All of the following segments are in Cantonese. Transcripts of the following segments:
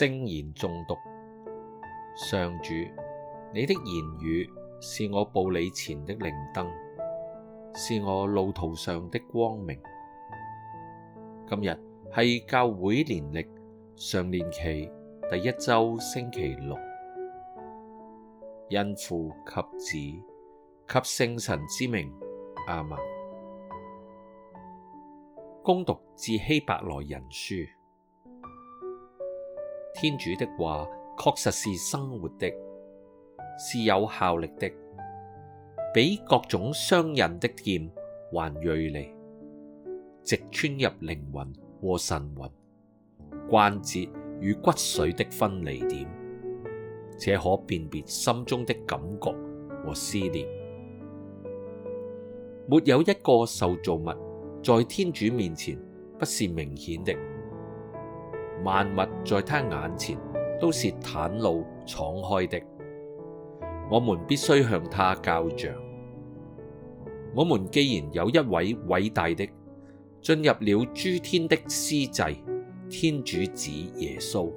聖言誦讀。上主，你的言語是我步你前的靈燈，是我路途上的光明。今日係教會年曆常年期第一周星期六，因父及子及聖神之名，阿們。恭讀《致希伯來人書》。天主的話確實是生活的，是有效力的，比各種雙刃的劍還銳利，直穿入靈魂和神魂，關節與骨髓的分離點，且可辨別心中的感覺和思念。沒有一個受造物在天主面前不是明顯的。萬物在他眼前都是袒露敞開的，我們必須向他交賬。我們既然有一位偉大的，進入了諸天的司祭，天主子耶穌，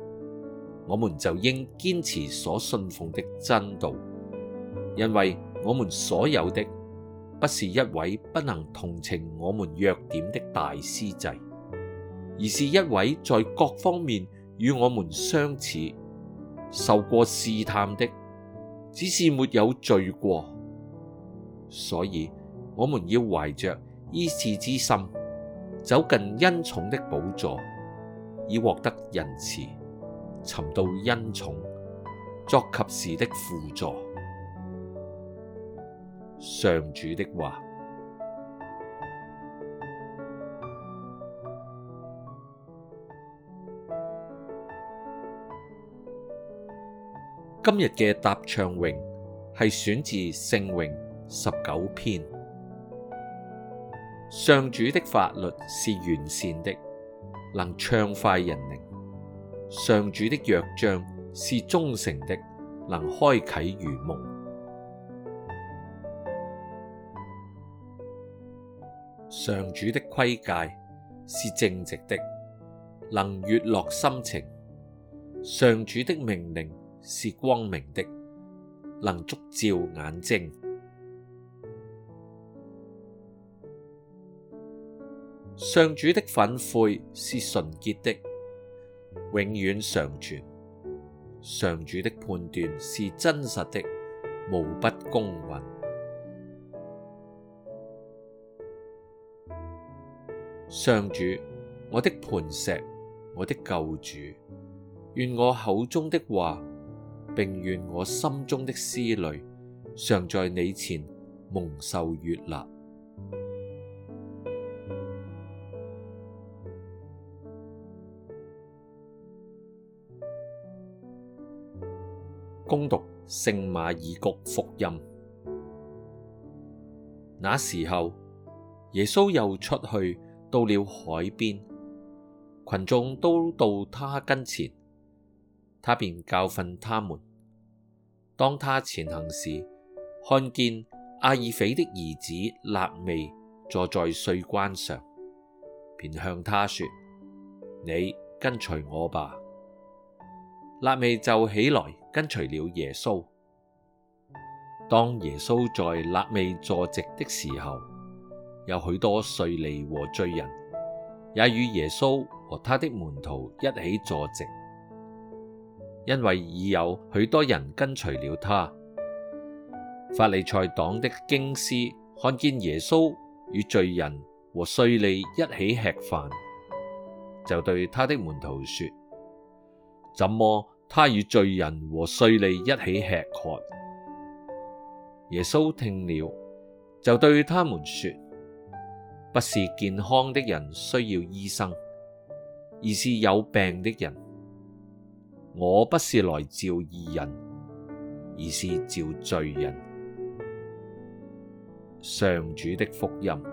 我們就應堅持所信奉的真道，因為我們所有的，不是一位不能同情我們弱點的大司祭。而是一位在各方面與我們相似、受過試探的，只是沒有罪過。所以我們要懷着依恃之心，走近恩寵的寶座，以獲得仁慈，尋到恩寵，作及時的扶助。上主的話。今日嘅答唱詠係選自聖詠十九篇。上主的法律是完善的，能暢快人靈；上主的約章是忠誠的，能開啟愚蒙；上主的規誡是正直的，能悅樂，樂心情；上主的命令。是光明的，能燭照眼睛。上主的訓誨是純潔的，永遠常存。上主的判斷是真實的，無不公允。上主，我的磐石，我的救主，願我口中的話。並願我心中的思慮常在你前蒙受悅納。 恭讀聖馬爾谷福音。那時候，耶穌又出去到了海邊，群眾都到他跟前。他便教訓他們。當他前行時，看見阿耳斐的兒子肋未坐在稅關上，便向他說：你跟隨我吧。肋未就起來跟隨了耶穌。當耶穌在肋未坐席的時候，有許多稅吏和罪人也與耶穌和他的門徒一起坐席。因為已有許多人跟隨了他。法利賽黨的經師看見耶穌與罪人和稅吏一起吃飯，就對他的門徒說：「怎麼他與罪人和稅吏一起吃喝？」耶穌聽了，就對他們說：「不是健康的人需要醫生，而是有病的人。我不是來召義人，而是召罪人。上主的福音。